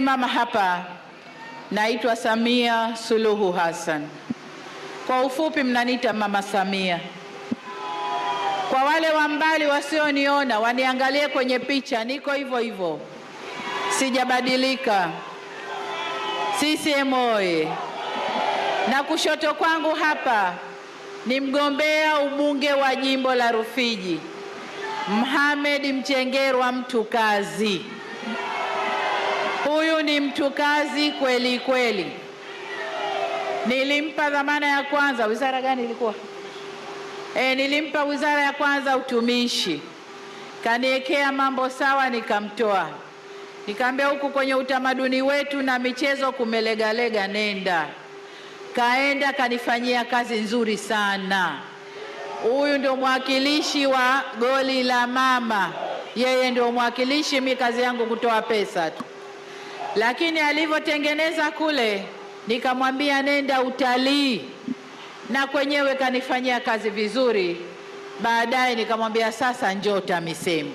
nimesimama hapa naitwa Samia Suluhu Hassan, kwa ufupi mnaniita Mama Samia. Kwa wale wa mbali wasioniona waniangalie kwenye picha, niko hivyo hivyo, sijabadilika. CCM oye! Na kushoto kwangu hapa ni mgombea ubunge wa jimbo la Rufiji Mohamed Mchengerwa mtu kazi huyu ni mtu kazi kweli kweli. Nilimpa dhamana ya kwanza, wizara gani ilikuwa? E, nilimpa wizara ya kwanza utumishi, kaniwekea mambo sawa, nikamtoa nikaambia, huku kwenye utamaduni wetu na michezo kumelegalega, nenda. Kaenda kanifanyia kazi nzuri sana. Huyu ndio mwakilishi wa goli la mama, yeye ndio mwakilishi, mi kazi yangu kutoa pesa tu lakini alivyotengeneza kule nikamwambia nenda utalii, na kwenyewe kanifanyia kazi vizuri. Baadaye nikamwambia sasa njoo TAMISEMI,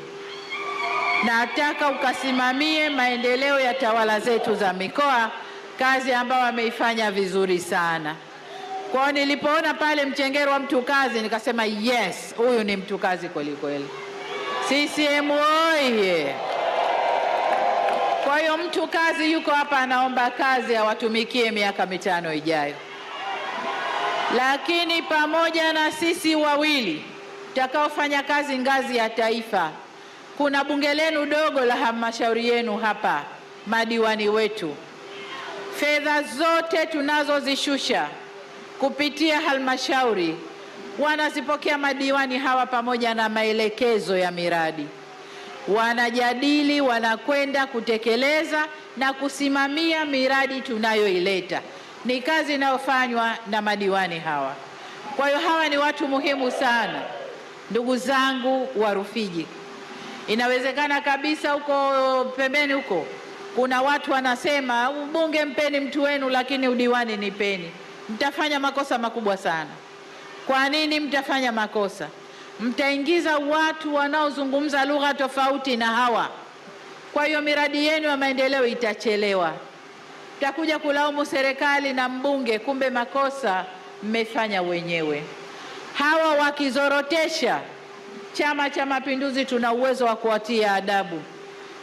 nataka ukasimamie maendeleo ya tawala zetu za mikoa, kazi ambayo ameifanya vizuri sana. Kwao nilipoona pale mchengero wa kazi nikasema yes, huyu ni mtukazi kweli kweli. CCM oye! Kwa hiyo mtu kazi yuko hapa anaomba kazi awatumikie miaka mitano ijayo, lakini pamoja na sisi wawili tutakaofanya kazi ngazi ya taifa, kuna bunge lenu dogo la halmashauri yenu hapa, madiwani wetu, fedha zote tunazozishusha kupitia halmashauri wanazipokea madiwani hawa pamoja na maelekezo ya miradi wanajadili, wanakwenda kutekeleza na kusimamia miradi tunayoileta. Ni kazi inayofanywa na madiwani hawa. Kwa hiyo hawa ni watu muhimu sana, ndugu zangu wa Rufiji. Inawezekana kabisa huko pembeni huko kuna watu wanasema ubunge mpeni mtu wenu, lakini udiwani nipeni. Mtafanya makosa makubwa sana. Kwa nini mtafanya makosa? mtaingiza watu wanaozungumza lugha tofauti na hawa. Kwa hiyo miradi yenu ya maendeleo itachelewa. Mtakuja kulaumu serikali na mbunge, kumbe makosa mmefanya wenyewe. Hawa wakizorotesha, Chama cha Mapinduzi tuna uwezo wa kuwatia adabu.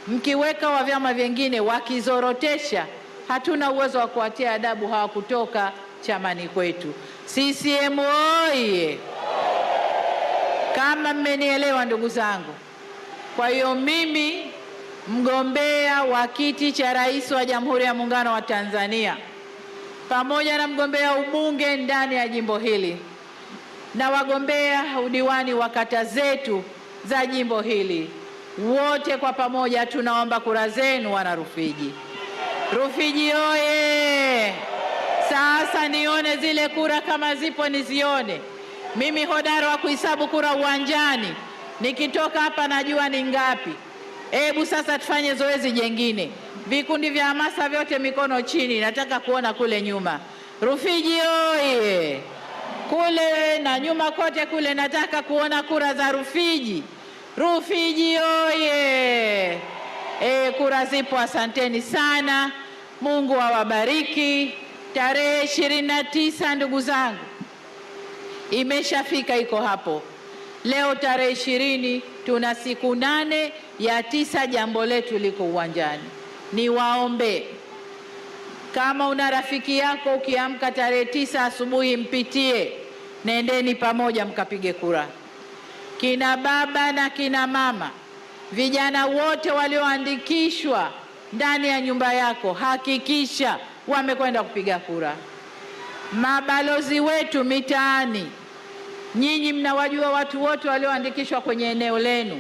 Mkiweka wa vyama vyingine wakizorotesha, hatuna uwezo wa kuwatia adabu hawa kutoka chamani kwetu. CCM oye! kama mmenielewa ndugu zangu. Kwa hiyo mimi mgombea wa kiti cha rais wa Jamhuri ya Muungano wa Tanzania pamoja na mgombea ubunge ndani ya jimbo hili na wagombea udiwani wa kata zetu za jimbo hili, wote kwa pamoja tunaomba kura zenu, wana Rufiji. Rufiji oye! Sasa nione zile kura kama zipo, nizione. Mimi hodari wa kuhesabu kura uwanjani, nikitoka hapa najua ni ngapi. Hebu sasa tufanye zoezi jengine, vikundi vya hamasa vyote mikono chini, nataka kuona kule nyuma. Rufiji oye! Kule na nyuma kote kule, nataka kuona kura za Rufiji. Rufiji oye! E, kura zipo. Asanteni sana, Mungu awabariki. Tarehe ishirini na tisa ndugu zangu imeshafika iko hapo. Leo tarehe ishirini tuna siku nane ya tisa, jambo letu liko uwanjani. Niwaombe, kama una rafiki yako ukiamka tarehe tisa asubuhi, mpitie, nendeni pamoja mkapige kura. Kina baba na kina mama, vijana wote walioandikishwa ndani ya nyumba yako, hakikisha wamekwenda kupiga kura. Mabalozi wetu mitaani Nyinyi mnawajua watu wote walioandikishwa kwenye eneo lenu.